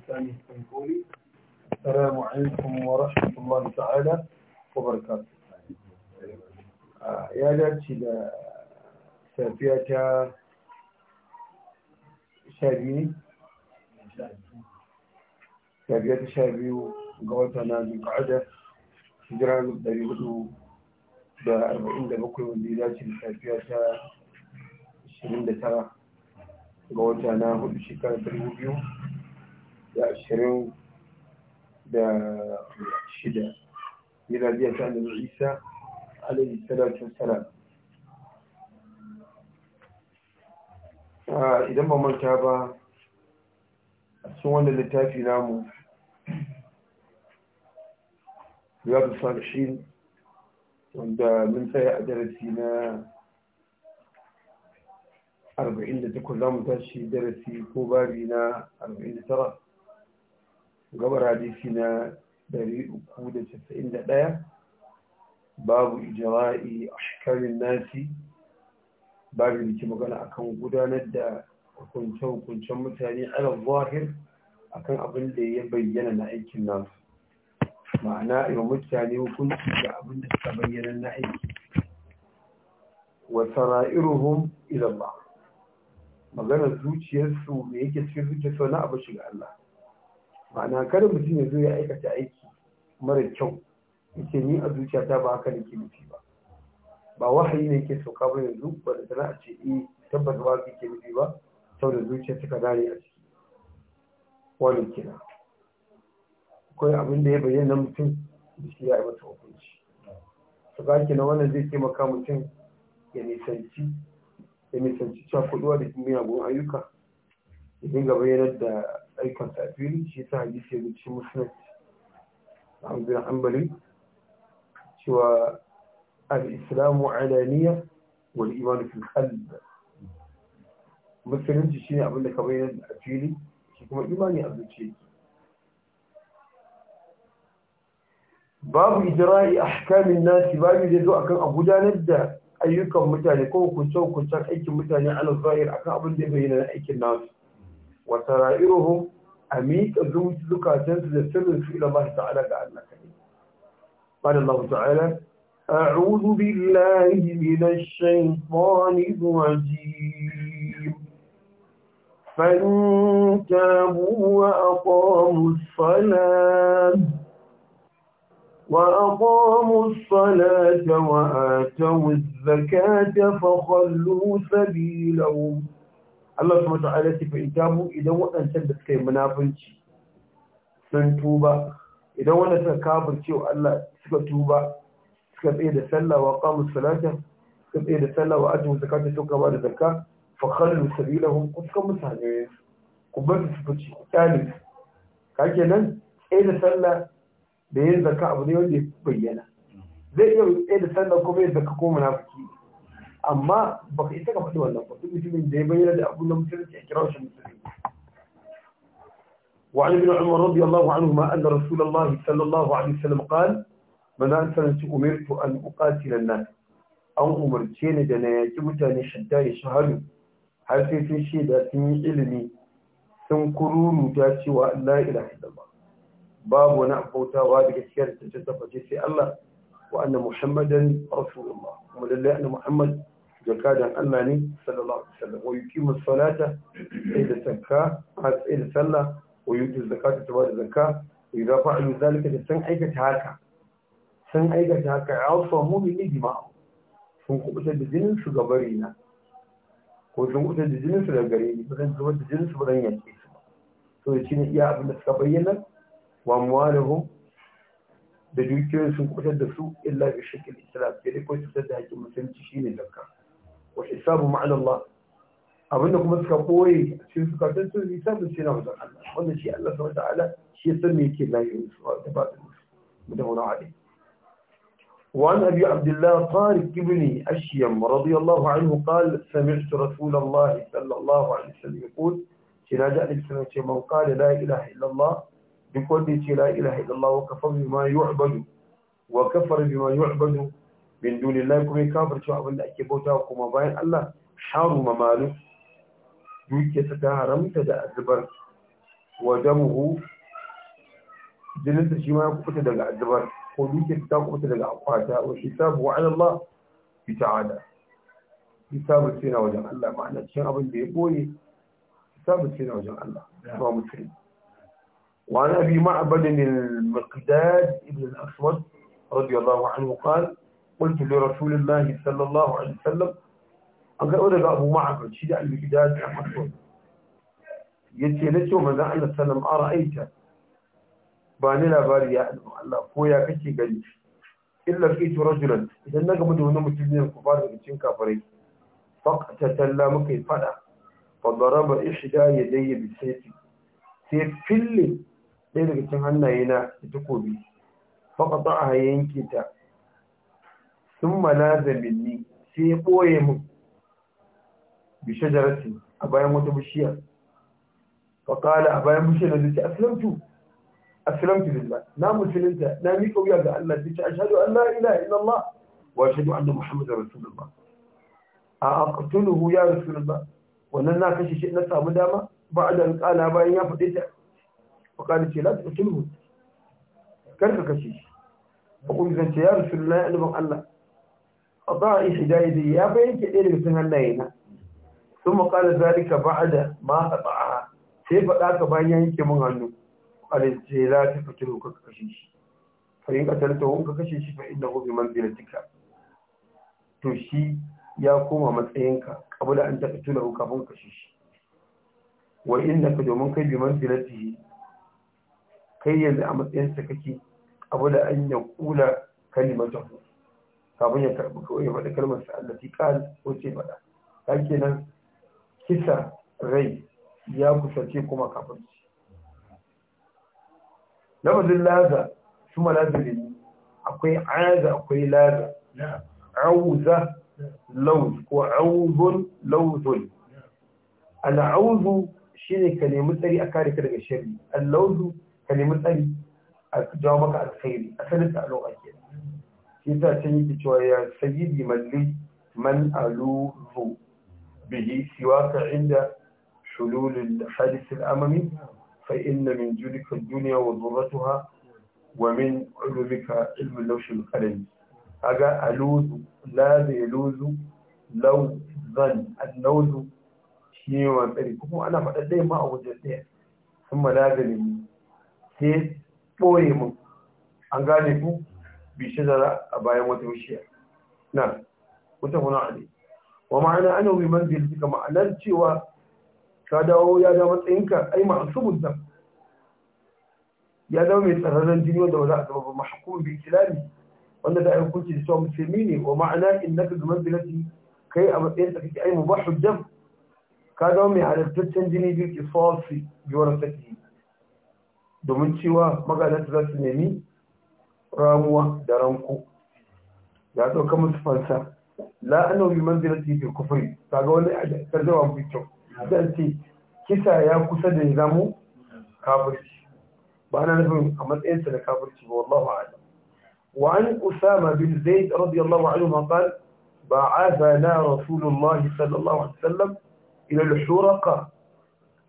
لساني يفهم السلام عليكم ورحمة الله تعالى وبركاته يا da safiya ta sha ga wata na zulka'ada dari hudu da da bakwai wanda ya dace da safiya ta ashirin da tara ga wata na hudu shekara dari da ashirin da shida miladiya ta annabi isa alaihi salatu wassalam idan ba manta ba a cikin wannan littafi namu riyadu salishin wanda mun tsaya a darasi na 48 za mu tashi darasi ko babi na 49 gabar hadisi na 391 babu ijra'i ahkamin nasi babu da ke magana akan gudanar da hukunce-hukuncen mutane ala zahir akan abin da ya bayyana na aikin nasu ma'ana yau mutane hukunci da abin da suka bayyana na aiki wata ra'iruhun ba. maganar zuciyarsu da yake cikin zuciyarsu na abu shiga Allah ma'ana kada mutum ya zo ya aikata aiki mara kyau yake ni a zuciyata ba haka nake nufi ba ba wahayi ne yake sauka ba yanzu ba da sana'a ce eh tabbas ba haka yake nufi ba saboda zuciya suka gane a ciki wani kina akwai abin da ya bayyana mutum da shi ya yi masa hukunci su ga kina wannan zai taimaka mutum ya nisanci ya nisanci cakuduwa da miyagun ayyuka ya dinga bayyanar da أي كان تأثير شيء تعدي في هذا الشيء مسند عبد نعم، الرحمن بلي شو الإسلام علانية والإيمان في القلب مثلا شيء شيء أقول لك أبين أتيلي شيء كم إيماني أبد شيء باب إجراء أحكام الناس باب يجدوا أكن أبو جانب ده أيكم متعني كو كنتو كنتو أيكم متعني على الظاهر أكن أبو جانب هنا أيكم الناس وسرائرهم أميت a miƙa zukatansu da إلى الله تعالى Allah ta'ala ga قال الله تعالى أعوذ بالله من الشيطان الرجيم فانتابوا وأقاموا الصلاة وأقاموا الصلاة وآتوا الزكاة فخلوا سبيلهم Allah su mata ala ya in tabu idan waɗancan da suka yi munafunci sun tuba idan wanda suka kafin cewa Allah suka tuba suka tsaye da sallah wa qamu salata suka tsaye da sallah wa atu zakata suka ba da zakka fa khallu sabilahum kuska mutane ku bar su fice ku tsale ka kenan tsaye da sallah da yin zakka abu ne wanda ya bayyana zai iya tsaye da sallah ko bai zakka ko munafiki amma ba ka ita ka faɗi wannan ba duk mutumin da ya bayyana da abin da mutum ke kira shi mutum wa an ibn umar radiyallahu anhu ma anna rasulullahi sallallahu alaihi wasallam qala man ansana shi umirtu an uqatila an-nas an umarce ni da na yaki mutane shadda ya shahadu har sai sun ce sun yi ilimi sun kururu ta cewa la ilaha illallah babu wani abautawa da gaskiyar da ta tafi sai Allah wa anna muhammadan rasulullah kuma lallai anna jakadan Allah ne sallallahu alaihi wasallam wa yuqimu salata sai da zakka sai da sallah wa yutu zakata ta bada zakka idan fa'alu zalika da san aikata haka san aikata haka alfa mu'mini jima'a sun kubutar da jinin su gabari na ko sun kubutar da jinin su daga ni ba zan zubar da jinin su ba zan yake su ba so shi ne iya abin da suka bayyana wa muwalahum da dukiyoyin sun kubutar da su illa bi shakil islam sai dai ko cutar da hakkin musulunci shine zakka وحسابهم على الله أظنكم kuma قوي boye a cikin zukatan sun yi samun shi na شيء Allah wannan shi Allah subhanahu ta'ala shi ya san me yake وعن أبي عبد الله طارق بن أشيم رضي الله عنه قال سمعت رسول الله صلى الله عليه وسلم يقول تراجع للسنة من قال لا إله إلا الله بقول لا إله إلا الله وكفر بما يعبد وكفر بما يعبد min dunillahi kuma ya kafar abin abinda ake bauta kuma bayan Allah haruma malu dukiyarsa ta haramta da azubar wa damuhu jininsa shi ma ya kubuta daga azubar ko dukiyarsa ta kubuta daga akwata wa hisabu wa Allah bi ta'ala hisabu sai na wajen Allah ma'ana cikin abin da ya boye hisabu sai na wajen Allah ba mutum وعن أبي معبد المقداد ابن الأسود رضي الله عنه قال قلت لرسول الله صلى الله عليه وسلم أقول له أبو معبد شدع المجداد أحسن يتي نتو من ذا الله صلى الله أرأيت باني لا باري يعلم الله فويا كتي قلي إلا لقيت رجلا إذا نقم دون مسلمين كفار كتين كافري فقط تلا مكي فلا فضرب إحدى يدي بالسيف سيف فيلي ليلة كتين هنا تقول فقطعها ينكي ثم لازم مني سيقوي مو بشجرة أبا يموت بشيئة فقال أبا يموت مشينا لك أسلمت أسلمت لله لا نام سلنت ناميك وياك الله لك أشهد أن لا إله إلا الله وأشهد أن محمد رسول الله أقتله يا رسول الله وننا كشي شئ نسا مداما بعد أن قال أبا يا فتيت فقال لا تقتله كيف كشي فقلت يا رسول الله أنا الله قطاع حجازي يا بينك إلي سنة لينا ثم قال ذلك بعد ما قطعها سيف ذاك بان ينك من عنه قال لا تقتله ككشيش فإن قتلته ككشيش فإنه بمنزلتك تشي يا كوما متسينك قبل أن تقتله كفن كشيش وإنك دومن كي بمنزلته كي يلي أمتين سككي قبل أن يقول كلمته kafin ya karɓi kawai ya faɗi kalmar sa Allah tiƙal ko ce faɗa kake nan kisa rai ya kusace kuma kafin na lafazin laza su ma laza ne akwai aza akwai laza auza lauz ko auzun lauzun al'auzu shi ne ka nemi tsari a kare ka daga shari al'auzu ka nemi tsari a jawo maka alkhairi asalin ta a lokaci idan sun yi cewa ya sayi bi man aluhu bihi siwaka inda shululul hadith al-amami fa inna min judika ad-dunya wa dhurratuha wa min ulumika ilm al-lawh al-qalam aga aluzu la da zan al-lawzu shi wa tsari kuma ana faɗa ma a wajen ɗaya sun ma lagani sai ɓoye mu an gane ku bishidara a bayan wata bishiya na mutafin ali wa ma'ana ana wi manzil suka ma'anar cewa ka dawo ya da matsayinka ai ma'asubun zam ya zama mai tsararren jini wanda ba za a zama ba mahkum bi islami wanda da hukunci da cewa musulmi ne wa ma'ana in naka zama manzilati kai a matsayin ka kake ai mubahu dam ka zama mai halittaccen jini bi qisasi bi warasati domin cewa magadanta za su nemi ramuwa da Ranku ya ɗauka musu fansa la annahu bi manzilati kufuri kufri kaga wani tarjuma mu kyau zan ce kisa ya kusa da ya zamu kafirci ba na nufin a matsayinsa da kafirci ba wallahu a'lam wa an usama bin zaid radiyallahu anhu ma qala ba'athana rasulullah sallallahu alaihi wasallam ila al-shuraqa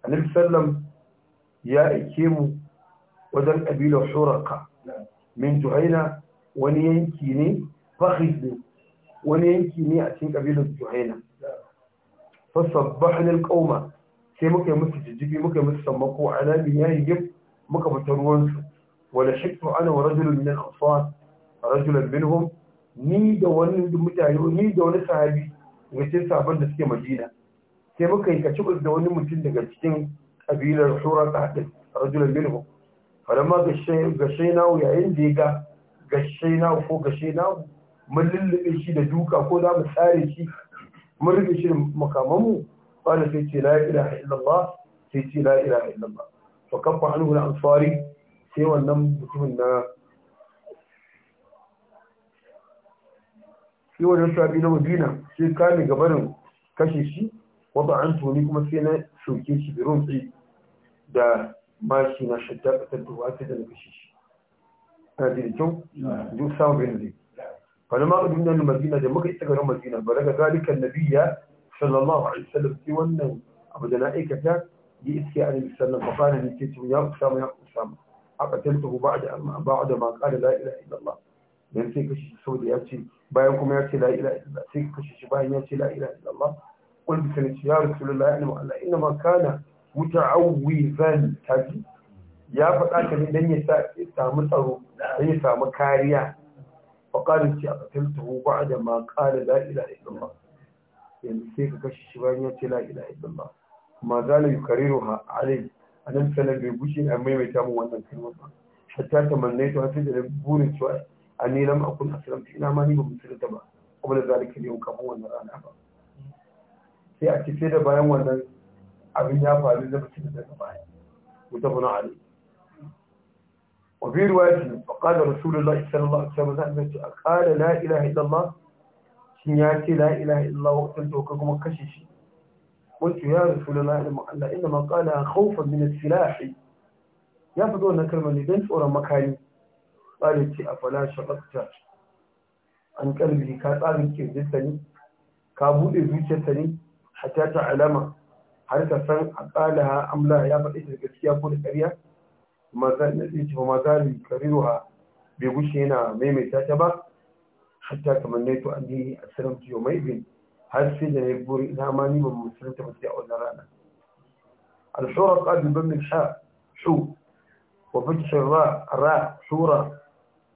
annabi sallam ya aike mu wajen kabilar shuraka min juhaina wani yanki ne fakhis ne wani yanki ne a cikin kabilar juhaina fasabbahnal qauma sai muka yi musu jijjigi muka yi musu sammako ala bi yayyib muka fita ruwan su wala shaktu ana wa rajulun min al a rajulun minhum ni da wani mutane ni da wani sahabi daga cikin sahabban da suke Madina sai muka yi kaci da wani mutum daga cikin kabilar Shura ta hadin rajulun minhum falamma gashe nawo yayin da ya ga gashe nawo ko gashe nawo mun lullube shi da duka ko za mu tsare shi mun rufe shi da makamanmu da sai ce la ilaha illallah sai ce la ilaha illallah to kafa hannu na ansari sai wannan mutumin na sai wannan sabi na Madina sai kame gabarin kashe shi wata an tuni kuma sai na soke shi da rumfi da bashi na shadda fatattu ba sai da na kashe shi ana da kyau duk samun bin zai wani ma ɗin nan madina da muka isa garin madina ba daga zalikan nabiya sallallahu alaihi wasallam sai wannan abu da na aikata yi iske a nabi sallam ba fara ne ce ya usama ya usama a qataltuhu ba ba'da ma qala la ilaha illallah dan sai kashi saboda ya ce bayan kuma ya ce la ilaha illallah sai kashi shi bayan ya ce la ilaha illallah qul bi sanati ya rasulullah ya alima allah inna ma kana muta'awwizan taji ya faɗa ka ne dan ya samu tsaro dan ya samu kariya fa qala ci aqtaltuhu ba'da ma qala la ilaha illallah yanzu sai ka kashe shi bayan ya ce la ilaha illallah ma zala ha alai anan sanan bai gushe a maimaita mu wannan kalmar ba hatta ta hatta da burin cewa anni lam akun aslamtu ina ma ni ba ta ba kuma da zalika ne kafin wannan rana ba sai a ce sai da bayan wannan abin ya faru lokacin da daga baya mutafin ali وفي رواية فقال رسول الله صلى الله عليه وسلم قال لا إله إلا الله سنياتي لا إله إلا الله وقتلت وككم كششي قلت يا رسول الله إنما قال خوفا من السلاح يفضلون كلمة لدنس ولا مكاني قالت أفلا شققت عن قلبي كاتابك جدتني كابوئي زوجتني حتى تعلم har ka san a tsalaha amla ya faɗi ta gaskiya ko da ƙarya ma za ni kariruwa bai gushe yana maimaita ta ba hatta kamar ne to an yi a sanar jiyo mai bin har sai da ne buri ina ma ni ban musulunta ba sai a wannan rana al-shura qadin bin sha shu wa fakshin ra ra shura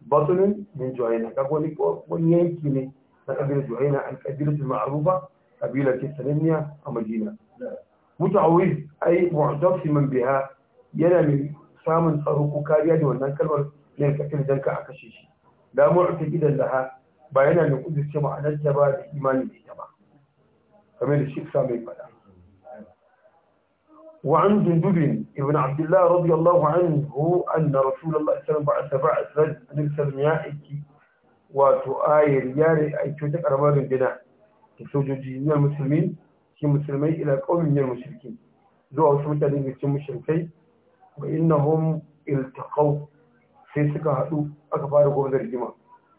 batunin min juhaina kaga wani wani yanki ne na kabilar juhaina al-kabilatul ma'rufa ke ce sananniya a madina mutawif ai mu'tasiman biha yana min samun tsaro ko kariya da wannan kalmar ne ka dan ka a kashe shi la mu'taqidan laha ba yana da kudurce ma'anar ta ba da imani da ita ba kamar da shi mai fada وعن جندب ابن عبد الله رضي الله عنه أن رسول الله صلى الله عليه وسلم بعث رجل أن يائك وتؤاير ياري أي تشوتك أرمان الجناح جينيا المسلمين cikin musulmai ila qaumin min mushrikin zuwa wasu mutane da cikin mushrikai wa innahum iltaqaw sai suka hadu aka fara gobe rigima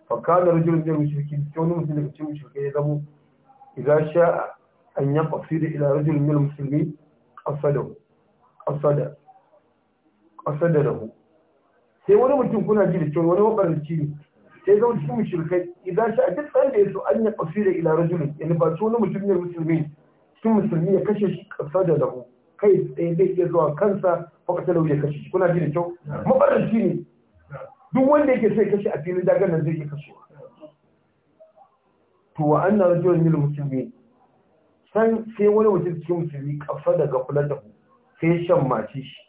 fa kana rajulun min mushrikin sai wani mutum daga cikin mushrikai ya zamo idza sha an qasida ila rajulin min musulmi asadahu asada asada lahu sai wani mutum kuna ji da cewa wani mabarci ne sai zama cikin mushrikai idan sha a duk tsarin da ya so an ya ƙasira ila rajulin yana ba wani mutum ne musulmi shi musulmi ya kashe shi kasa da dahu, kai tsaye zai iya zuwa kansa ko kasar da ya kashe shi kuna ji da kyau mabarar shi ne duk wanda yake sai kashe a filin dagar nan zai iya kashewa to wa an na rajiyar yin musulmi san sai wani mutum cikin musulmi kasa da gafula da sai shan mace shi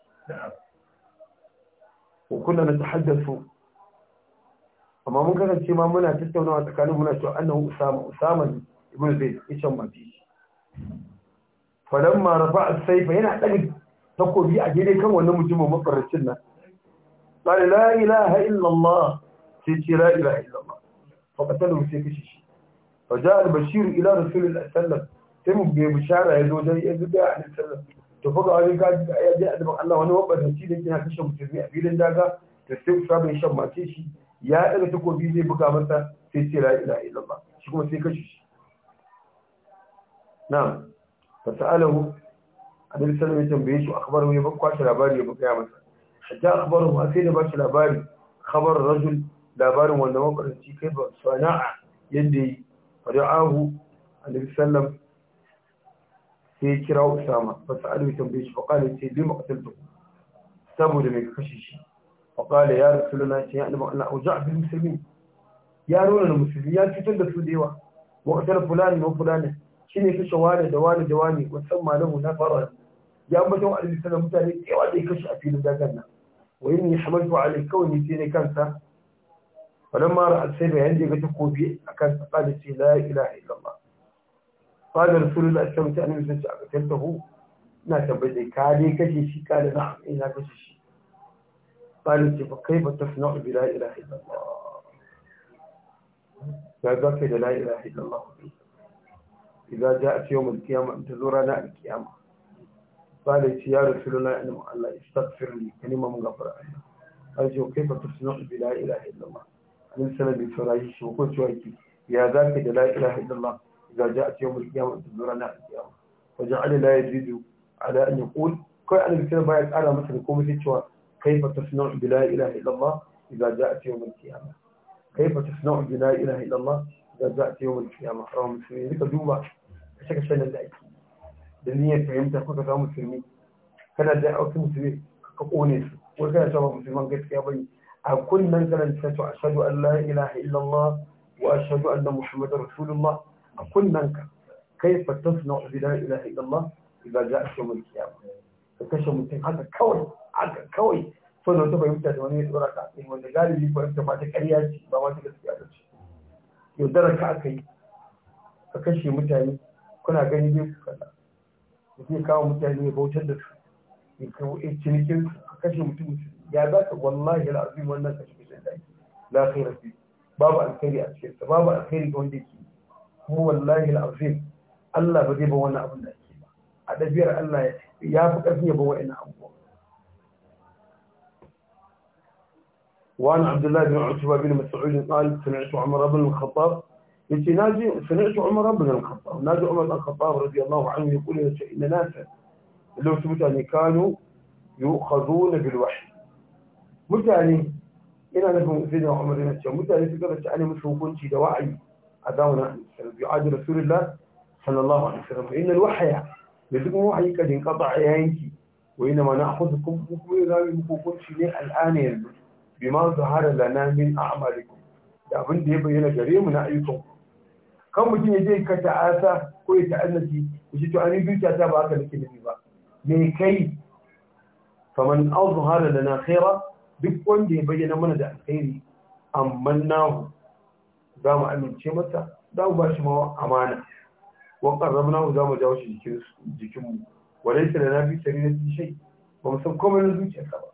وكنا نتحدث amma mun kasance ma muna tattaunawa tsakanin muna cewa annahu usama usama ibn zaid ishan mafi falon ma a saifa yana ɗari takobi a gidai kan wani mutumin mafarashin nan ɓari la'ila ha'illama sai ce la'ila ha'illama a ƙasar sai kashe shi ba za a ila rasulun a sallar sai mu bai bishara ya zo don yanzu bai a nan sallar to fuka wani kaji da ayyaji a zaman allah wani mafarashi da yana kashe mutumin a filin daga da sai ku sabon shan mace ya ɗaga takobi zai buga masa sai ce la'ila ha'illama shi kuma sai kashe shi na'am fasalahu annabi sallallahu alaihi tambaye shi akhbaru ya bakwa a labari ya bakaya masa hatta akhbaru asai da bashi labari kamar rajul labarin wanda makwaranci kai ba sana'a yadda yi fada'ahu annabi sallam sai ya kira usama fasalahu ya tambaye shi faqala sai bi maqtaltu saboda mai kashe shi faqala ya rasuluna sai ya annabi Allah auja'a bil muslimin ya nuna musulmi ya cutar da su da yawa wa qatala fulan wa shine su kashe da wani da wani wasan malamu na fara ya mutum alaihi sallam mutane da yawa da ya a filin dagan nan wa yin ya hamaltu alai kawai ne sai ne kansa wannan mara alsai bayan da ya ga takobi a kan tsaka ce la ilaha illallah fadar rasulullah sallallahu alaihi wasallam sai aka tantahu ina tabbatai ka dai kashi shi ka da na'am ina kashi shi قالوا كيف كيف تصنع bi la ilaha illallah قال ذاك da la ilaha illallah إذا جاءت يوم القيامة أن تزورنا القيامة قال يا رسول الله إن الله استغفر لي كلمة من غفر أرجو كيف تصنع بلا إله إلا الله أنا سلمي بفرايش وقلت وأيكي يا ذاك لا إله إلا الله إذا جاءت يوم القيامة أن تزورنا القيامة وجعل لا يزيد على أن يقول كل أنا بكلمة بايت أنا مثلا كومتي كيف تصنع بلا إله إلا الله إذا جاءت يوم القيامة كيف تصنع بلا إله إلا الله da za a ce yau kiyama a rawan musulmi ka duba ka saka shanin da ake da niyyar fahimta ko ka samu musulmi kana da aukin musulmi ka kone su wai kana cewa musulman gaskiya bane a kunnan karanta to ashhadu an la ilaha illallah wa ashhadu anna muhammadar rasulullah a kunnan ka kaifa tasna'u bi la ilaha illallah idza a yawm al-qiyamah ka kashe mutum haka kawai haka kawai so da wata fahimta da wani ya tsora ka wanda galibi fahimta ba ta ƙarya ce ba ma ta gaskiya ba ce yaudara ka aka yi ka kashe mutane kuna gani ne su kaza da zai kawo mutane ya bautar da su ya kawo ya cinikin su ka kashe mutum ya za ka wallahi al'azim wannan kashe kashe da ake la khaira fi babu alkhairi a da babu alkhairi ga wanda ke kuma wallahi al'azim Allah ba zai ba wannan abin da ake ba a ɗabi'ar Allah ya fi ƙarfin ya ba wa'annan abu وأنا عبد الله بن عتبة بن مسعود قال سمعت عمر بن الخطاب يتي ناجي سمعت عمر بن الخطاب ناجي عمر بن الخطاب رضي الله عنه يقول إن ناسا لو أن كانوا يؤخذون بالوحي متاني إن أنا بن سيدنا عمر بن الشام متاني سكرت أنا مش شي دواعي أداونا بعاد رسول الله صلى الله عليه وسلم إن الوحي لذلكم وحي قد انقطع يهينتي وإنما نأخذكم وكم يرامي الآن يلبس bima zahara lana min a'malikum da abin da ya bayyana gare mu na ayyukan kan mutum ya je ka ta'asa ko ya ta'annaci ku shi to an zuciya ta ba haka nake nufi ba me kai faman azhara lana khaira duk wanda ya bayyana mana da alkhairi amma nahu za mu amince masa za mu ba shi ma amana wa qarrabnahu za mu jawo shi jikin jikin mu walaysa lana bi sarinati shay ba mu san komai na zuciyarsa ba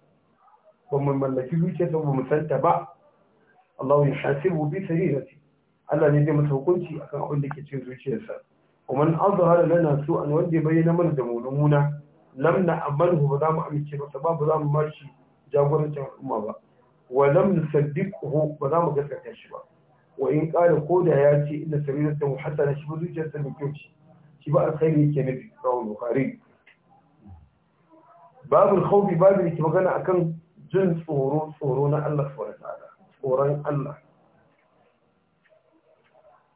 ba mu mallaki zuciyar ba mu santa ba Allah ya hasibu bi sarirati Allah ne zai masa hukunci akan abin da ke cikin zuciyarsa kuma an azhara lana su an wanda bayyana mana da mulmuna lam na amanhu ba za mu amince ba ba ba za mu marshi jagorancin al'umma ba wa lam nusaddiqhu ba za mu gaskata shi ba wa in qala ko da ya ce inna sariratan hasana shi ba zuciyarsa ne kyau shi shi ba alkhairi yake nufi rawu bukhari babu khawfi babu yake magana akan جن فورو فورونا الله فورت على فورين الله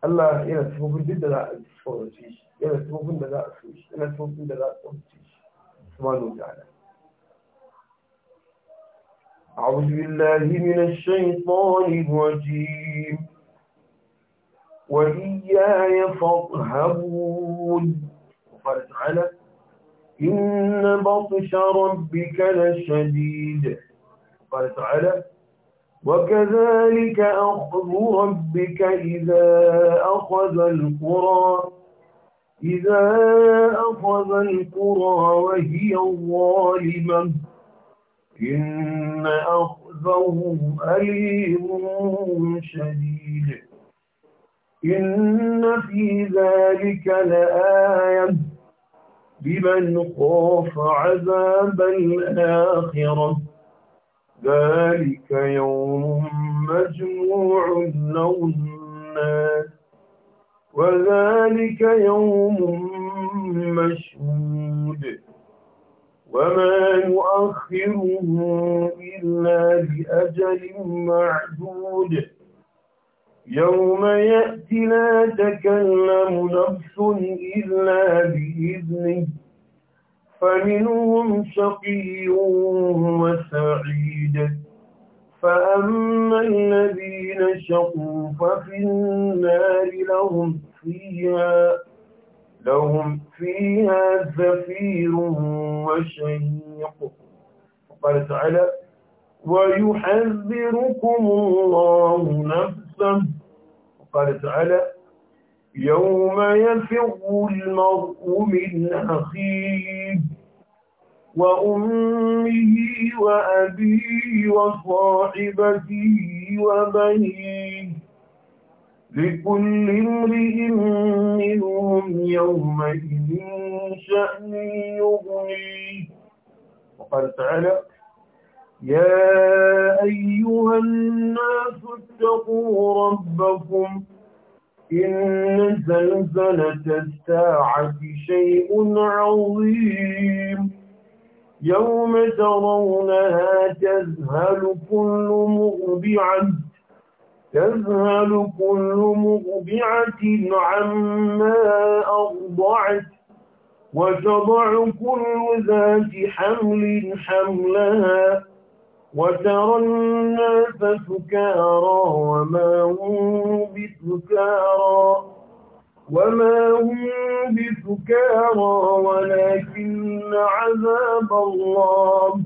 الله إذا تفوقن بدا لا تفوقن تيش إذا تفوقن بدا تفوقن إذا تفوقن بدا تفوقن تيش سبحانه وتعالى بالله من الشيطان الرجيم وإياي فارهبون وقالت تعالى إن بطش ربك لشديد قال تعالى وكذلك أخذ ربك إذا أخذ القرى إذا أخذ القرى وهي ظالمة إن أخذه أليم شديد إن في ذلك لآية لمن خاف عذاب الآخرة ذلك يوم مجموع له الناس وذلك يوم مشهود وما يؤخره إلا لأجل معدود يوم يأتي لا تكلم نفس إلا بإذنه فمنهم شقي وسعيد فأما الذين شقوا ففي النار لهم فيها لهم فيها زفير وشهيق وقال تعالى ويحذركم الله نفسه وقال تعالى يوم يفر المرء من أخيه وأمه وأبيه وصاحبته وبنيه لكل امرئ منهم يومئذ شأن يغنيه وقال تعالى يا أيها الناس اتقوا ربكم إن زلزلة الساعة شيء عظيم يوم ترونها تذهل كل مغبعة تذهل كل مغبعة عما أرضعت وتضع كل ذات حمل حملها وترى الناس سكارى وما هم سكارى وما هم بسكارى ولكن عذاب الله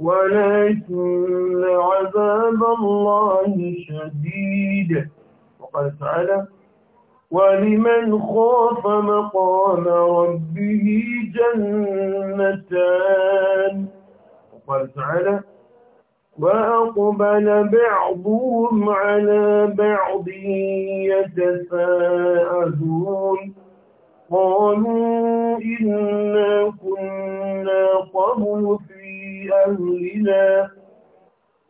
ولكن عذاب الله شديد وقال تعالى ولمن خاف مقام ربه جنتان وقال تعالى وأقبل بعضهم على بعض يتساءلون قالوا إنا كنا قبل في أهلنا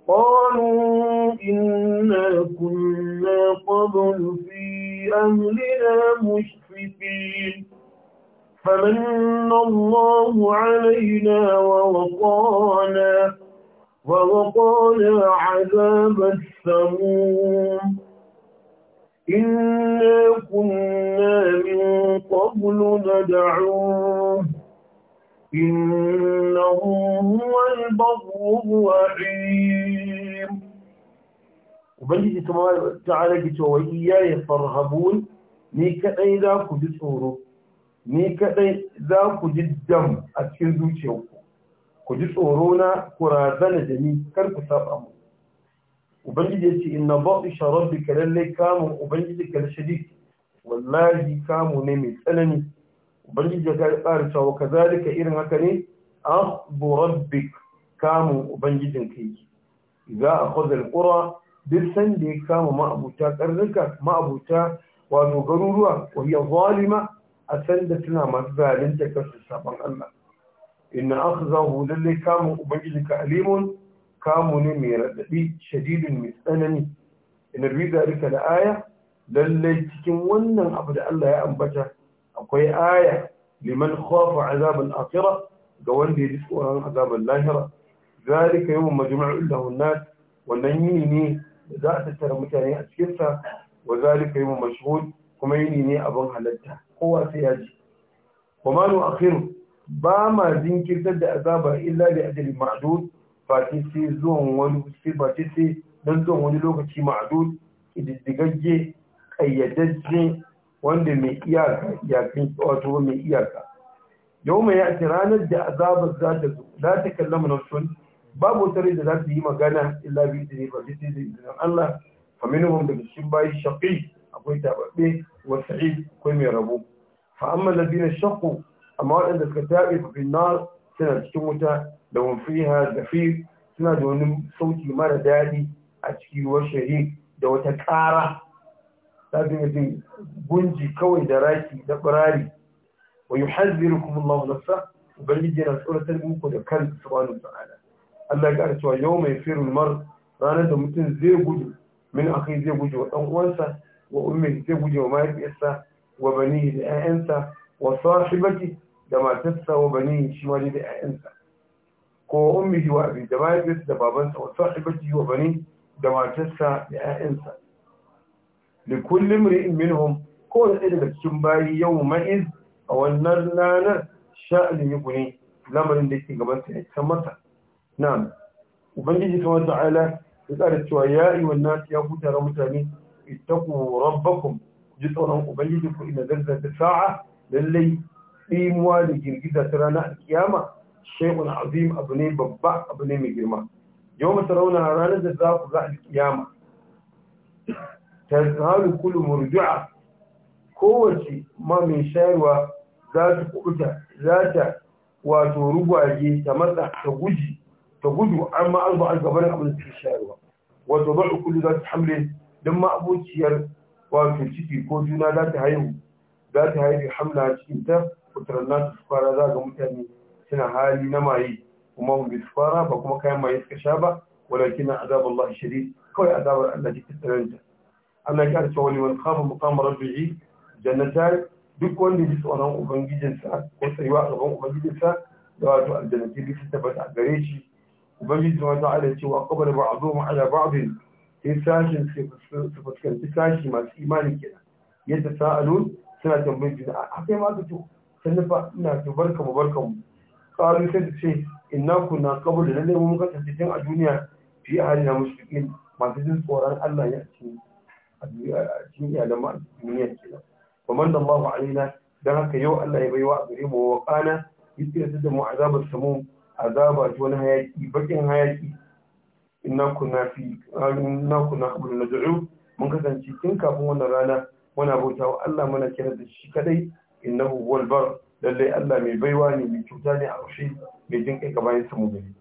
قالوا إنا كنا قبل في أهلنا مشفقين فمن الله علينا ووقانا ووقانا عذاب السموم إنا كنا من قبل ندعوه إنه هو البر الرحيم وبنجي تعالى قلت وإياي فارهبون ميكا kaɗai za ku ji tsoro ni kaɗai za ku ku ji tsoro na ku razana da ni kar ku saba mu ubangiji yace inna ba'isha rabbika lallai kamun ubangiji kal shadid wallahi kamu ne mai tsanani ubangiji ya ƙara cewa kazalika irin haka ne akhbu rabbik kamun ubangijin kai za a kwazar ƙura duk sanda ya kama ma'abuta ƙarnuka ma'abuta wato garuruwa wahiyar zalima a sanda suna masu zalunta kasu saban Allah inna akhzahu lalle kamun ubangiji ka alimun kamu ne mai radadi shadidin mai tsanani inna bi rika da aya lalle cikin wannan abu da Allah ya ambata akwai aya liman khafa azabal akhirah ga wanda ya ji tsoron azabal lahira zalika yawm majmu'u lahu an-nas wannan yini ne da za a tattara mutane a cikin sa wa zalika yawm mashhud kuma yini ne abin halatta kowa sai ya ji wa nu akhiru ba ma jinkirtar da azaba illa da ajali ma'adud ce sai zuwan wani sai sai don zuwan wani lokaci ma'adud ididdigagge ƙayyadajje wanda mai iyaka yakin wato mai iyaka yau mai yaki ranar da azabar za ta zo za ta kallama nafsun babu tare da za ta yi magana illa bi da ne ba sai da izinin Allah fa minhum wanda cikin bayi shaqi akwai tababbe wa sa'id akwai mai rabo fa amma ladina shaqu amma waɗanda suka taɓe fi na suna cikin wuta da da zafi suna da wani sauti mara daɗi a cikin ruwan da wata ƙara ta dinga gunji kawai da raki da birari wa yi kuma Allah nasa ubangiji yana tsoratar muku da kan subhanahu ta'ala Allah ya ƙara cewa yau mai firin mar ranar da mutum zai gudu min akai zai guje wa dan uwansa wa ummi zai guje wa mahaifiyarsa wa bani da 'ya'yansa wa sahibati da matarsa wa bani shi wani da ƴaƴansa ko ummi shi wa abi da mahaifiyarsa da babansa wa sahibati wa bani da matarsa da ƴaƴansa li kulli mri'in minhum ko da daga cikin bayi yau ma ma'iz a wannan ranar sha'anin yi gune lamarin da yake gaban sa ya ta masa na'am ubangiji ta wata ala ya tsara cewa ya yi wannan ya huta hutara mutane ittaku rabbakum ji tsoron ubangiji ku ina zarzar da sa'a lallai ɗimuwa da girgiza ta rana a kiyama shaikun azim abu ne babba abu ne mai girma yau mata rauna ranar da za ku za a kiyama ta zahalu kulu murdu'a kowace ma mai shayarwa za ta kubuta za ta wato rugwaje ta matsa ta guji ta gudu an ma'arba an gabanin abin da shayarwa wato ba'u kullu za ta hamle don ma'abociyar wato ciki ko juna za ta haihu za ta haihu hamla cikin ta fitarar nasu fara za ga mutane suna hali na maye kuma mu bi sufara ba kuma kayan maye suka sha ba walakin azab Allah shiri kawai azabar Allah ji tsaranta Allah ya ce wani wani khafa muqam rabbihi jannatan duk wanda ya ji tsoron ubangijinsa ko tsayuwa a gaban ubangijinsa da wato aljannati duk sun tabbata a gare shi ubangiji wa ta'ala ce wa qabala ba'dhum ala ba'd sai sashin su fuskanci sashi masu imani kenan yadda sa'alun suna tambayin juna a kai ma ka ta nufa ina to barka mu barka mu qalu sai ta ce inna kunna qablu lalle mu muka tafi a duniya fi halina mushrikin masu jin tsoron Allah ya ce a cikin iyalan mu a duniya kenan wa man Allahu alaina dan haka yau Allah ya baiwa a gare mu wa qana yake da mu azabar samu azaba ta wani hayaki bakin hayaki inna kunna fi inna kunna qablu nad'u mun kasance tun kafin wannan rana muna bautawa Allah muna kira da shi kadai innahu huwal bar lallai Allah mai baiwa ne mai cuta ne a rushe mai jin kai gabanin sa mu gani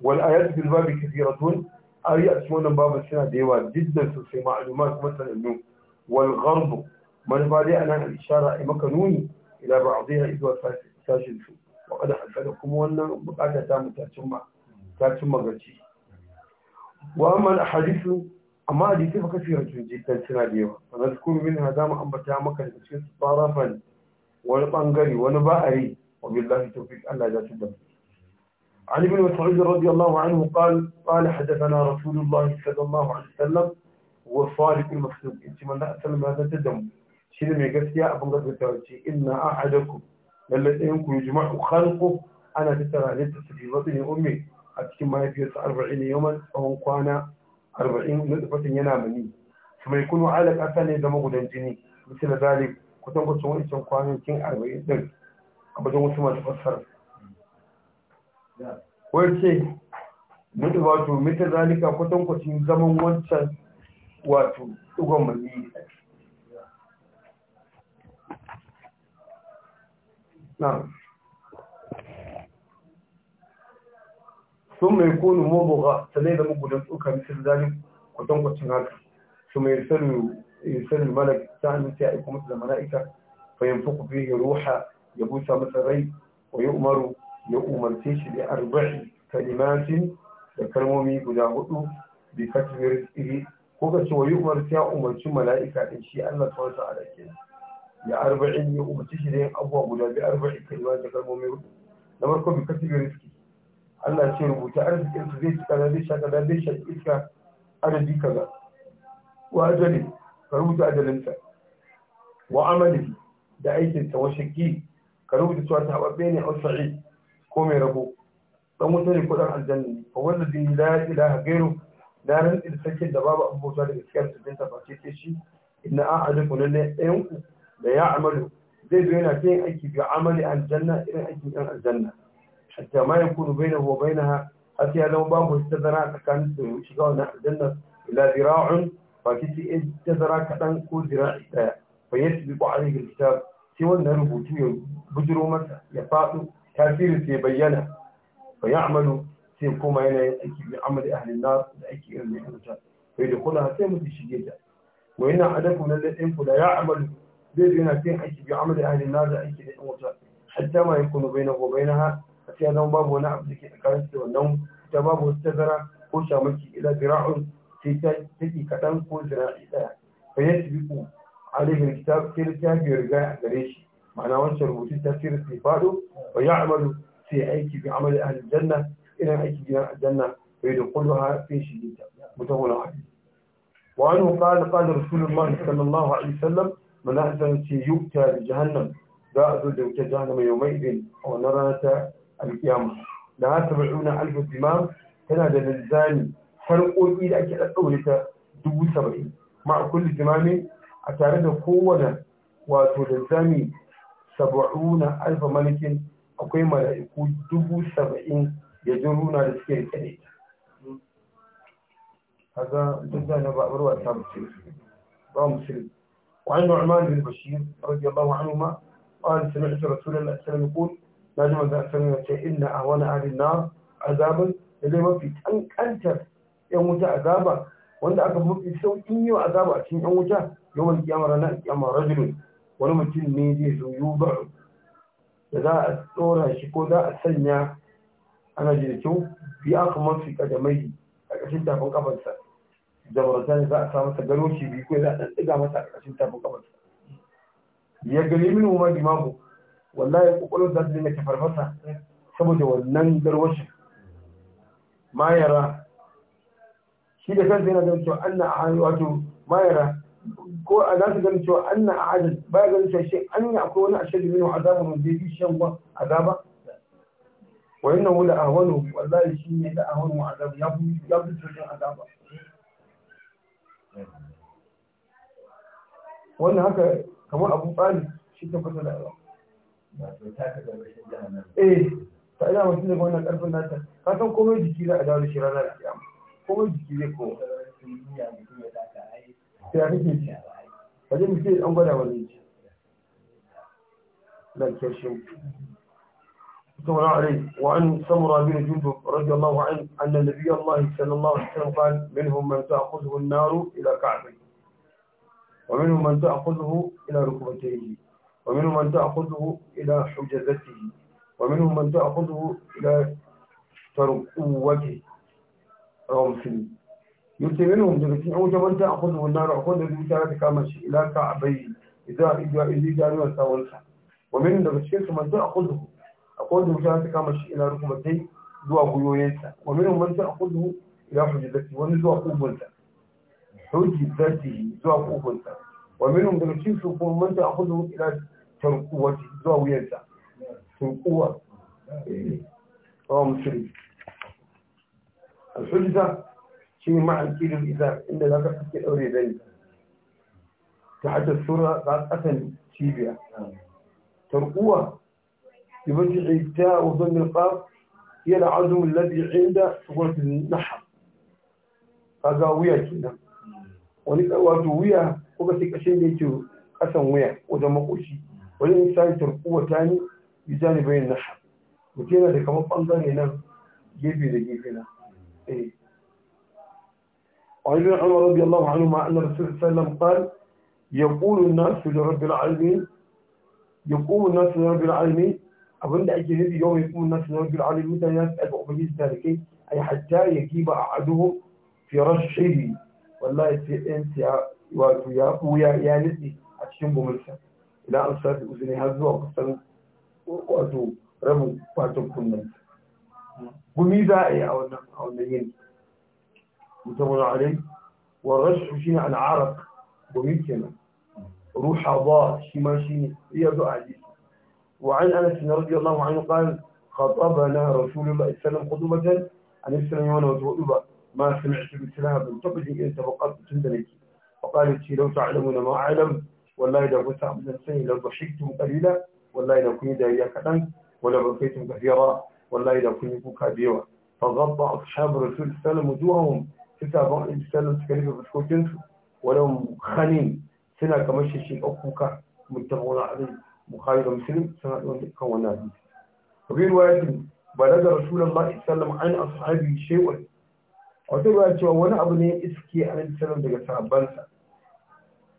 wal ayatu fil babi kathiratun ayi a cikin wannan babu suna da yawa jiddan sosai ma'lumat kuma sanannu wal gharb manufa dai ana al-ishara ai maka nuni ila ba'dhiha zuwa sashin su wa qad hasala kuma wannan bukata ta mutacin ba ta wa amma al-hadithu amma suna da yawa fa nazkuru min hadama maka da cikin tsarafan wani bangare wani ba'ari wa billahi tawfiq Allah ya zata da Ali ibn Mas'ud radiyallahu anhu qal qal hadathana Rasulullah sallallahu alaihi wasallam wa Salih ibn Mas'ud inta man da'atal ma zata da mu shida mai gaskiya abin da zata ce inna ahadakum lalladhi yanku yujma'u khalqu ana tattara lita fi batni ummi a cikin mahaifiyarsa 40 yawan tsawon kwana 40 na tsafatin yana mani kuma ya kunu alaƙa ne zama gudan jini misali kusan kusan wancan kwanakin arba'in din a bajin wasu masu fassara wace mutu wato mita zalika kusan kusan zaman wancan wato dugon manni na sun mai kunu moboga sanai da mugudan tsokar mita zalika kusan kusan haka su mai sanin يرسل الملك سهم سائق مثل ملائكة فينفق فيه روحا يبوس مثل غيب ويؤمر يؤم الكيش لأربع كلمات يكرمو مي قداغتو بكتب رزقه وقد سوى يؤمر سيؤم الكيش ملائكة إن شاء الله تعالى على كيش لأربع يؤم الكيش لأن أبوى قدا بأربع كلمات يكرمو مي قداغتو نمركو بكتب رزقه الله سيره بتعرف انت ذيش كذا ذيش كذا ذيش كذا أنا ذي كذا وأجلي ka rubuta ajalinsa wa amali da aikinsa wa shakki ka rubuta cewa ta haɓaɓɓe ne a sa'i ko mai rabo dan wuta ne kudin aljanna ne fa wanda din la ilaha gairu da ran da sakin da babu abubuwa da gaskiyar su dinta ba ce shi inna a'adaku lalle ɗayan ku da ya amalu zai zo yana yin aiki bi amali aljanna irin aikin yan aljanna A hatta ma yakunu bai na bainaha har sai ya zama babu tazara tsakanin su shiga wannan aljanna ila zira'un Baki ki ce in tazara kaɗan ko zira'i ɗaya Bayan ya su biƙo alaihi kitab sai wannan rubutu ya bujiro masa ya faɗo tasirin sai bayyana fa ya amalu sai koma yana yin aiki bi amali ahlin nar da aiki irin mai wuta fa da kula sai mutu shige ta wa yana adaku na ɗin kula ya amalu zai zo yana yin aiki bi amali ahlin nar da aiki da ɗin wuta hatta ma yakunu na wa bainaha sai ya zama babu wani abu da ke tsakanin da wannan ta babu wata tazara ko shamaki ila zira'un كتاب كوزنا إلى فيتبق عليه الكتاب كيركا بيرجع قريش معنى وانش الروسي تفسير استفاده ويعمل في عيك بعمل أهل الجنة إلى عيك بناء الجنة ويدخلها في شديدة متهون عليه وعنه قال قال رسول الله صلى الله عليه وسلم من أحسن سيؤتى بجهنم دائد دوت جهنم يومئذ أو نرانة القيامة لها سبعون ألف الدمام هنا للزاني Farkoki da ake ɗaɗɗaure ta dubu saba'in ma kulli jimamin a tare da kowane wato da zami saba'una alfa malikin akwai mala'iku dubu saba'in da jiruna da suke rike ne هذا جزء نبأ روى ثابت روى مسلم وعن نعمان بن بشير رضي الله عنهما قال na رسول الله صلى الله عليه وسلم يقول نجم ذا سمعت إن أهون أهل النار da zai mafi أنكر yan wuta azaba wanda aka mafi saukin yi wa azaba a cikin yan wuta yawan kiyama ranar kiyama rajulun wani mutum ne zai zo yuba da za a tsora shi ko za a sanya ana jin da kyau biya kuma mafi kadamai a ƙarshen tafin kafarsa zabarata ne za a samu ta gano shi biyu ko za a ɗan ɗiga masa a ƙarshen tafin kafarsa ya gani min ma dimamu wallahi kokolon za ta dinga tafarfasa saboda wannan garwashin ma yara shi da kansa yana ganin cewa anna a wato mayara ko a za su ganin cewa anna a ajal baya ganin cewa shi an yi akwai wani ashadu min wa azabu mun zai bi shan wa Wani wa inna a ahwanu wallahi shi ne da ahwanu wa azabu ya fi ya fi sojin azaba wannan haka kamar abu tsali shi ta fasa da yawa eh ta ina mutum da wannan karfin nata ka san komai jiki za a dawo da shi ranar da kiyama وعن سمرة بن جندب رضي الله عنه أن نبي الله صلى الله عليه وسلم قال منهم من تأخذه النار إلى كعبه ومنهم من تأخذه إلى ركبتيه ومنهم من تأخذه إلى حجزته ومنهم من تأخذه إلى ترقوته rawan musulmi yace yana daga cikin wuta a kudu wannan ra'a kudu da wuta ta kama shi ila ka a idan idan jaruwa ta wanta wa daga cikin su a kudu a kudu wuta ta kama shi ila rukumatai zuwa guyoyinsa wa min manta a kudu ila hujjati wani zuwa kubunta zuwa daga cikin alhujja shi ne ma'an kirin isa inda za ka kake daure da ni ta hajjar sura za a cibiya tarkuwa ibanci daita a wajen nirfa yana azumin ladi su wani naha ka wuya ke nan wani wato wuya ko ka sai kashin da yake kasan wuya wajen makoshi wani misali tarkuwa ta ni bi janibayin naha mutum yana da kamar bangare na gefe da gefe na إيه. وعن عمر رضي الله عنهما أن الرسول صلى الله عليه وسلم قال يقول الناس لرب العالمين يقوم الناس لرب العالمين da ake nufi yau mai kuma nasu na rajul alim mutane ya tsaga ubangiji ta da kai a yi hatta ya kiba a aduhu firar shiri wallahi sai ɗayan ya wato ya ɓuya ya nitsi a cikin gomarsa idan an sa su har zuwa kusan wato rabin fatan kunnen gumi za a yi a wannan yin musamman alai warrash shi ne al'arak gumi kenan ruha وعن أنس رضي الله عنه قال خطبنا رسول الله صلى الله عليه وسلم خطبة عن السلام يوانا وتوقبا ما سمعت بالسلام بالتقج إن تفقدت تندلك فقالت لو تعلمون ما أعلم والله إذا كنت عبد السنين لو ضحكتم قليلا والله إذا كنت إياك أنت ولو بكيتم كثيرا wallahi da kun yi kuka da yawa fa ghabba ashabu rasul sallallahu wujuhahum kitabun annabi sallallahu suka rufe su walau khanin suna kamar shi shi kuka muttafaqun alayhi bukhari da muslim suna da wannan kan wannan hadisi kabir riwayatin balaga rasulullahi sallallahu alaihi wasallam an ashabi shay'un wata ba cewa wani abu ne iske annabi sallallahu daga sahabbansa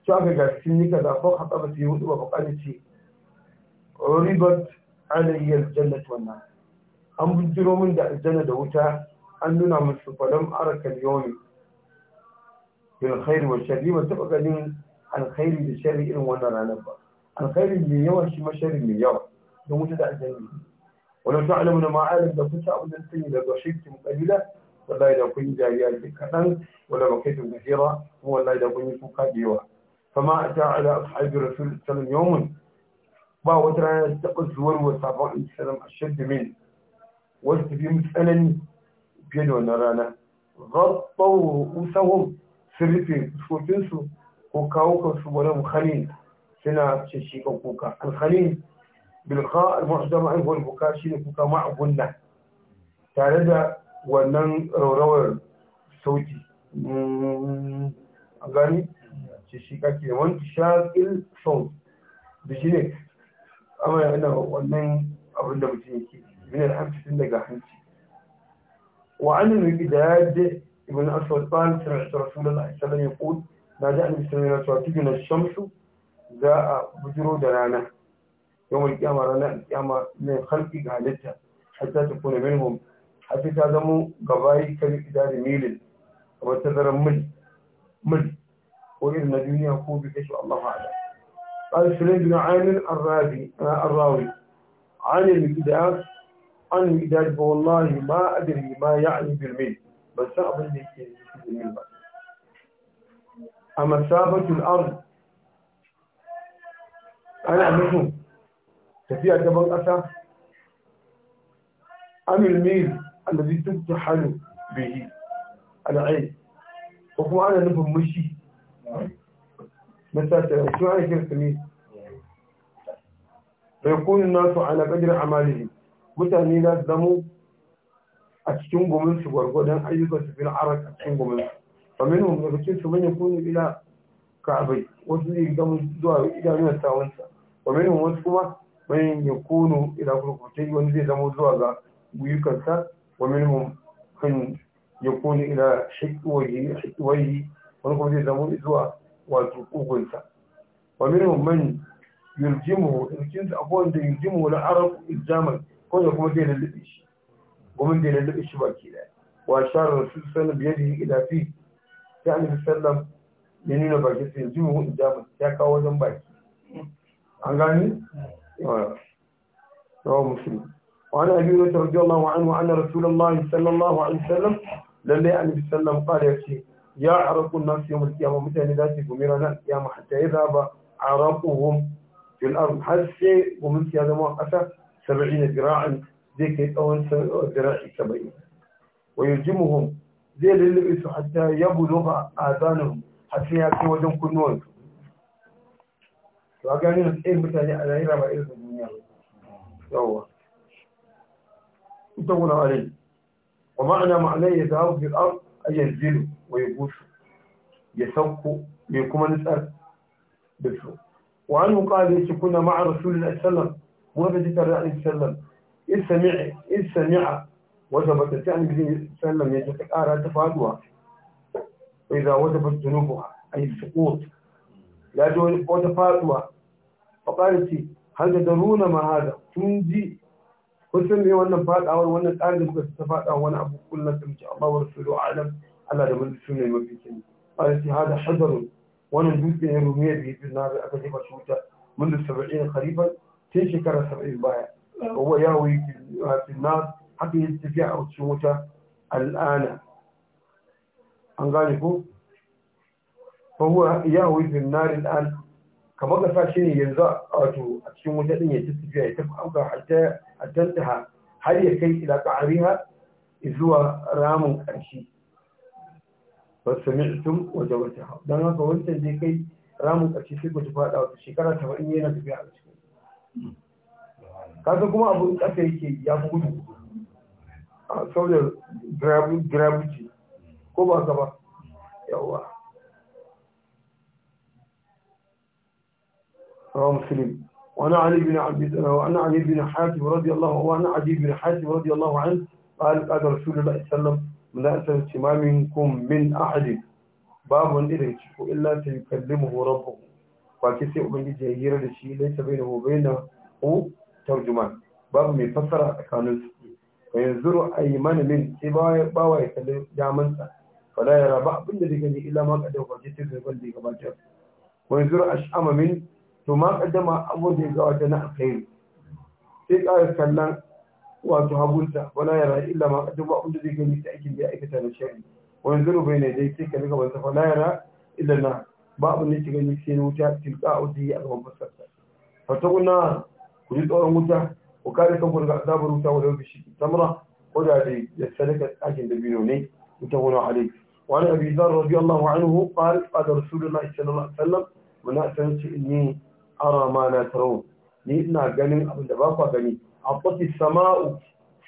to aka ga sun yi kaza ko haɗa ba su yi hudu ba ba ce ribat alayyar jannat wannan an bujiro min da aljanna da wuta an nuna min su falam arakal yawmi bil khair wa sharri wa taba ganin alkhairi da sharri irin wannan ranar ba alkhairi mai yawa shi ma sharri mai yawa don wuta da aljanna wala ta'lamu ma alim da kuta abin da sai da gashibtum qalila wallahi da kun jariya da kadan wala bakaitum kathira wallahi da kun yi kuka da yawa fama ata ala ashabi rasul sallallahu alaihi wasallam ba wata rana ta taɓa zuwar wa sabon sallam ashad min wasu tafi tsanani fiye da wannan rana zaɓɓau usahun sun rufe fuskokinsu ko kawo kansu wani mukhalin suna kan kuka alkhalin bilka almasu dama aihuwar kuka shi ne kuka ma'agunna tare da wannan raurawar sauti a gani shi ke wani shaƙil sau da shi ne amma yana wannan abin da mutum yake من الحبس في النجاحنسي وعن المقداد ابن أسود سمعت رسول الله صلى الله عليه وسلم يقول ما جاءني بسمعنا تواتيجنا الشمس جاء بجرود رانا يوم القيامة رانا القيامة من خلقي قالتها حتى تكون منهم حتى تعلموا قبائل كمقدار ميل وتذر مل مل وإن الدنيا يقول بكش الله أعلم قال سليم بن عامر الراوي عن المقداد an yi daji ba wallahi ma adiri ma ya yi birni ba san abin da yake yi ba a masabatul arz ana nufin tafiya gaban ƙasa amil mil allazi tukta halu bihi al'ain ko kuma ana nufin mushi مثلا شو أنا كيف تميز فيكون الناس على قدر أعمالهم mutane na su zamo a cikin su gwargwadon ayyukan su fil arak a cikin gominsu fa min hum daga cikin su man kuni ila ka'bai wasu zai zama zuwa idanun sawansa wa min wasu kuma man yakunu ila kurkutai wani zai zama zuwa ga guyukansa wa min hum kan ila shaqiwayi wani kuma zai zama zuwa wato kugunsa wa min hum man yurjimu in kinsa akwai wanda yurjimu la arab iljaman ko ya kuma zai lullube shi gumin da ya lullube shi baki daya wa sharar rasul sallam biyar da yake dafi sai annabi sallam ya nuna baki sai yanzu mu in jamus ya kawo wajen baki an gani rawa muslim وعن أبي هريرة رضي الله عنه أن رسول الله صلى الله عليه وسلم لله أن وسلم قال يكفي يا عرق الناس يوم القيامة متى ذات قميرنا القيامة حتى يذهب عرقهم في الأرض حتى ومن هذا ما أتى saba'ina zira'an zai kai tsawon zira'i saba'in wa yurjimuhum zai lullube su hatta ya buluga azanum har sai ya wajen kunnuwansu to a ganin tsayin mutane a lahira ba irin duniya yawwa ita wuna alai wa ma'ana ma'anai ya zahu fil ard ay yanzilu wa yabusu ya sauko ya kuma nutsar da su wa an muqala shi kuna ma'a rasulullahi sallallahu وجبت الله عليه وسلم إذ سمع إذ سمع وجبت الثاني عليه وسلم يتكرر تفادوها وإذا وجبت ذنوبها أي السقوط لا جوال وتفادوها فقالت هل تدرون ما هذا تنجي قلت لي إيه، وانا فات اول وانا قال لك استفاد او وانا ابو كل الناس الله ورسوله اعلم على لما السنه ما بيتني قالت هذا حجر وانا جبت رميه في النار اكتب شوته منذ السبعين قريبا tun shekara saba'in baya wa ya wuyi na haka yi tafiya a cikin wuta al'ana an gane ko fahuwa ya wuyi finna al'an kamar ka sa shi ne yanzu wato a cikin wuta din ya ci tafiya ya tafi auka a tantaha har ya kai ila ƙa'ariha zuwa ramin ƙarshe ba su tun waje wata don haka wancan zai kai ramin ƙarshe sai ku ci faɗa wata shekara saba'in yana tafiya a cikin kasu kuma abu kasa yake ya fi gudu a sauyar gramuci ko ba ka ba yawwa rawa musulun wani bi na abu tsanawa wani bi na hajji wa radiyallahu wani bi na hajji wa radiyallahu an ɓari ƙadar su da la'isallam muna isar cimamin kun min ahadin babu wani daga ciko illa ta yi mu horon ku. kwaki sai ubangiji ya hira da shi laisa bai da hobai na hu tarjuman babu mai fassara a tsakanin su a yi mana min sai bawa ya kalli damansa fala yara ba abin da gani illa ma kaddama kwaki sai zai da ya gabata wa yanzuru ash'ama min to ma kaddama abu da ya wata na alkhairi sai ƙara kallon wato hagunta wala yara illa ma kaddama abin da zai gani sai aikin da ya aikata na shari'a wa yanzuru bai ne dai sai kalli gabansa fala yara illa na babu ne shiga ni sai wuta tilka a wajen a gaban fuskarsa fatakuna ku ji tsoron wuta ku kare kanku daga azabar wuta wa lau bishi tamra ko da da sadaka tsakin da biyu ne wuta wani halik wani abi zar rabi anhu qal qad rasulullahi sallallahu alaihi wasallam mun san shi inni ara ma la tarawun ni ina ganin abin da ba ku gani abati sama'u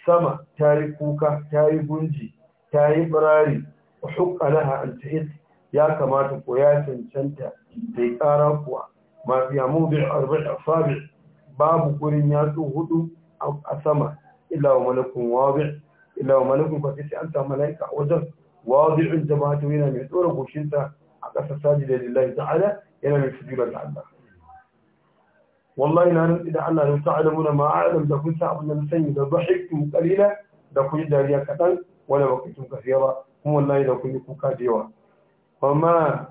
sama ta kuka tayi gunji tayi birari wa laha an ta'id ya kamata ko ya cancanta da ƙara kuwa mafi yamu bi arba'in asabi babu gurin yatsu hudu a sama illa wa malakun wadi illa malakun sai an samu malaika wajen wadi'un jama'atu yana mai tsora goshinsa a ƙasa da lillahi ta'ala yana mai sujuda ga Allah wallahi na nan idan Allah ya ta'ala muna ma a'lam da kun sa abin da sanyi da dhahiktum qalila da kun dariya kadan wala bakitum kaseera kuma wallahi da kun yi kuka da yawa fama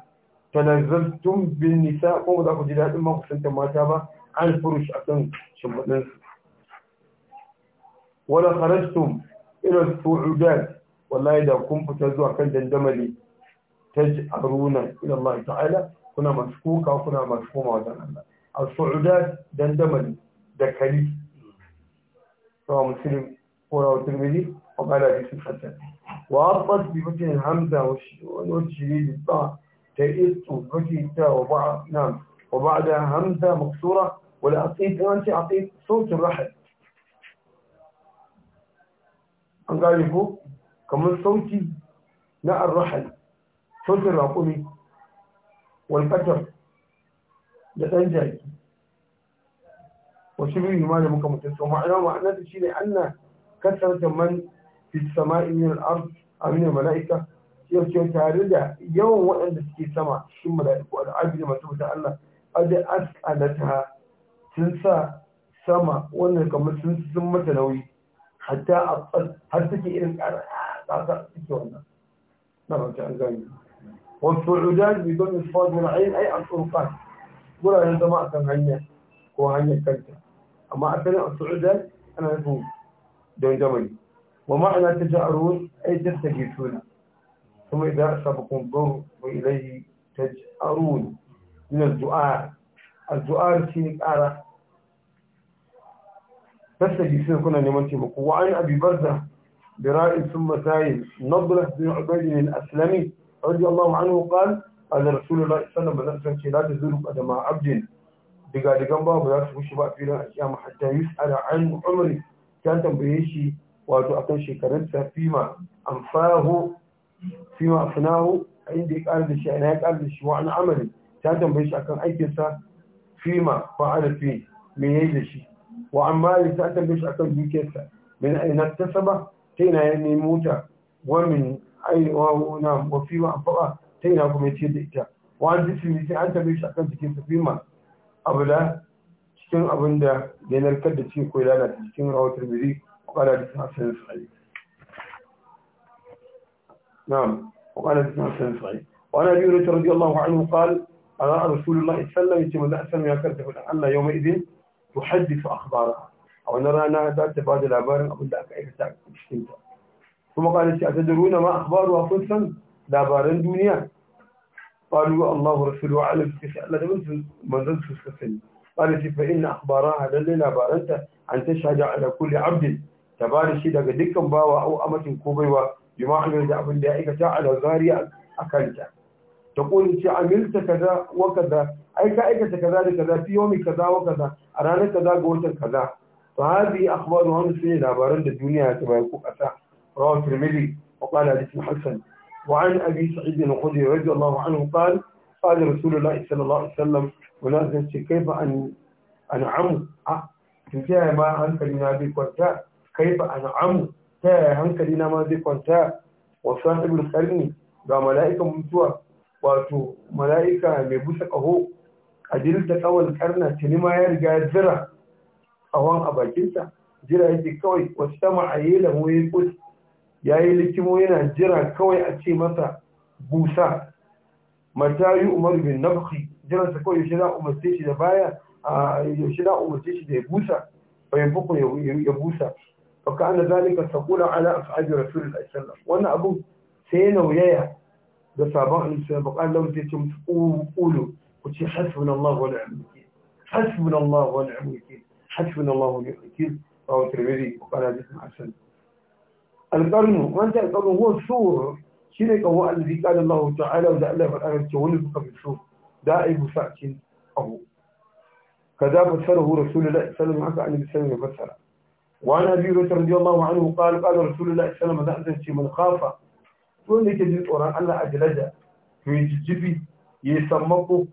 tanazzaltum bin nisa ko ba za ku ji daɗin makusanta mata ba an furush akan shimfiɗin su wala kharajtum ila su'udat wallahi da kun fita zuwa kan dandamali taj'aruna ila Allah ta'ala kuna masu kuka kuna masu wajen Allah as-su'udat dandamali da kali sawa muslim ko rawatul mili wa qala bi sunnatin وعطت بفتح الهمزة والشديد الطاء تئست بفتح التاء وبعد نعم وبعدها همزة مكسورة والعقيد أنت عقيد صوت الرحل أنقالكو كمان صوتي لا الرحل صوت الرقمي والكتر لتنجل وشبيه ما لم يكن متسوى معناه معناه شيء أن كثرة من في السماء من الأرض amina mala'ika yau ce tare da yawan waɗanda suke sama sun mala'iku al'abida masu wuta Allah ajin as'alata sun sa sama wannan kamar sun sun mata nauyi hatta a har suke irin ƙasa suke wannan na mace an gani wasu rudan don isfad wani ayin ai a tsurfan wuraren zama a kan hanya ko hanyar kanta amma asalin a tsurfan ana nufin don jamani ومعنى تجعرون أي تستجيسون ثم إذا أصابكم ضر وإليه تجعرون من الزؤار الزؤار شيء أرى تستجيسون كنا نمان تبقى وعن أبي برزة براء ثم سائل نظرة بن عبيد الأسلمي رضي الله عنه قال قال رسول الله صلى الله عليه وسلم لا تزور قدم عبد دقا دقا باب لا تخش بقى في حتى يسأل عن عمره كان تنبيه شيء wato akan shekarunsa fima amfahu fima afnahu inda ya ƙara da shi ana ya ƙara da shi wa'an an ta tambaye shi akan aikinsa fima fa'ala fi me yayi da shi wa'an an mali ta tambaye shi akan dukiyarsa min aina tasaba ta ina ya nemo ta wa min aiwa na wa fima anfaqa ta ina kuma ya ce da ita wa'an an ta sai an tambaye shi akan jikinsa fima abu da cikin abin da ya narkar da ci ko lalata cikin rahoton turmiri وقال حدثنا حسين سعيد نعم وقال حدثنا حسين سعيد وعن ابي هريره رضي الله عنه قال أنا رسول الله صلى الله عليه وسلم يكره لعل يومئذ تحدث أخبارها أو نرى أنها ذات بعض الأبار أقول لك أي كتاب ثم قالت أتدرون ما أخبارها لا لأبار دنيا قالوا الله ورسوله أعلم لا تنسوا من تنسوا السفن قالت فإن أخبارها للي لا أنت أن تشهد على كل عبد tabari shi daga dukkan bawa au amatin ko baiwa bi ma amil da abin da ya aikata a lazari a kanta ta koli ce amilta kaza wa kaza ai ka aikata kaza da kaza fi yomi kaza wa kaza a ranar kaza ga watan kaza to hadi akhbaru wannan sai labaran da duniya ta bai ku kasa rawu tirmidhi wa qala hadith hasan wa an abi sa'id al-khudri radiyallahu anhu qala قال رسول الله صلى الله عليه وسلم ونازل كيف أن أنعم تجاه ما أنت لنا بك وزاد kaifa an'amu ta yaya hankali na ma zai kwanta wa sahibul qarni ga mala'ikan mutuwa wato mala'ika mai busa kaho ajilta kawal karna tuni ma ya riga jira awon a bakinsa jira yake kawai wasu sama a yi lamu ya kus ya likimo yana jira kawai a ce masa busa mata yi umar bin nafki jiransa kawai yaushe za umarce shi da baya a yaushe za umarce shi da ya busa bayan bakwai ya busa فكان ذلك تقول على أفعال رسول الله صلى الله عليه وسلم وانا أبو سينا وياه بصابان عليه وسلم وقال لو جيتم قولوا قلت حسبنا الله ونعم الوكيل حسبنا الله ونعم الوكيل حسبنا الله ونعم الوكيل رواه الترمذي وقال حديث حسن القرن ذا القرن هو السور شرك هو الذي قال الله تعالى وتألف الأرض تولد قبل السور دائب ساكن أهو كذا فسره رسول الله صلى الله عليه وسلم عن النبي صلى الله عليه وسلم وعن أبي هريرة رضي الله عنه قال قال رسول الله صلى الله عليه وسلم من خاف تون لك جزء أن الله أجلد في جبي يسمقه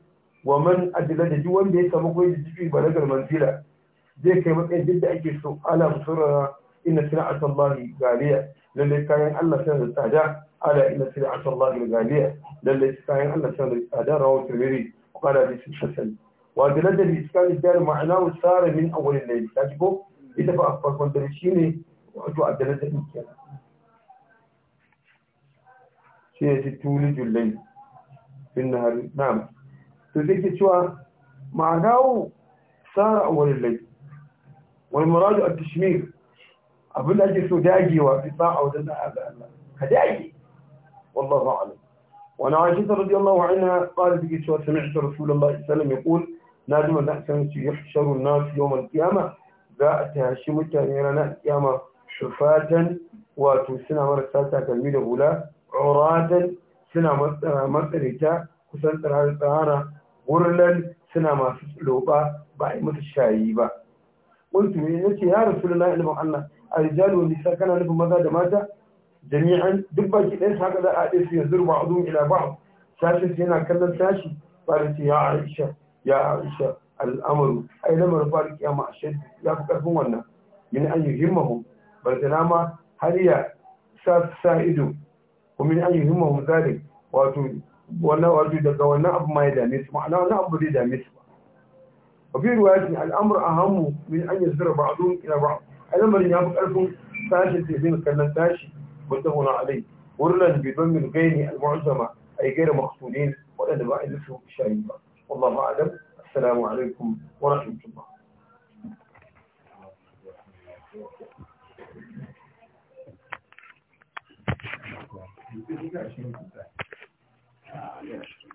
ومن أجلد جوان يسمقه يجبي بلغ المنزلة zai kai matsayin duk da ake so ala musurara ina sira'at Allah galiya lalle kayan Allah sanar da tsada ala ina sira'at Allah galiya lalle kayan Allah sanar da tsada rawu tirmidhi qala bi sahih wa dalal al iskan dal ma'na wa sara min awwal al layl jiko? إذا بقى أفضل من درشيني وأجوا أبدالة المكان شيء تولد الليل في النهار نعم تذكر شو معناه سارة أول الليل والمراد التشمير أبو الأجل سوداجي وفتاعة وزنة أبا كداجي والله أعلم وأنا عاشت رضي الله عنها قال في شو سمعت رسول الله صلى الله عليه وسلم يقول نادم الناس يحشر الناس يوم القيامة za a tashi mutane ranar kiyama shufatan wato suna marasa takalmi da hula uratan suna matsarita kusan tsara wurlan suna masu loba ba a yi musu shayi ba kuntu ne yace ya rasulullah ilmin Allah arjalu wa nisa kana nufin maza da mata jami'an duk baki ɗaya su haka za a ɗaya su yanzu ba a zuwa ila ba sashin yana kallon sashi ba da ce ya aisha ya aisha al'amaru ai lamarin fara kiyama a shaddu ya fi karfin wannan min an yi himmahu bar da nama har ya sa sa ido ko min an yi himmahu zalim wato wannan wato daga wannan abu ma ya dame su ma'ana wannan abu zai dame su ba fi ruwayatin al'amur a hannu min an yi zira ba a zuwan ila ba a lamarin ya fi karfin sashen sai zai kallon tashi wata hona alai wurin bidon min gaini al a yi gaira maqsudin waɗanda ba a yi su shayi ba wallahu a'lam السلام عليكم ورحمة الله Thank you.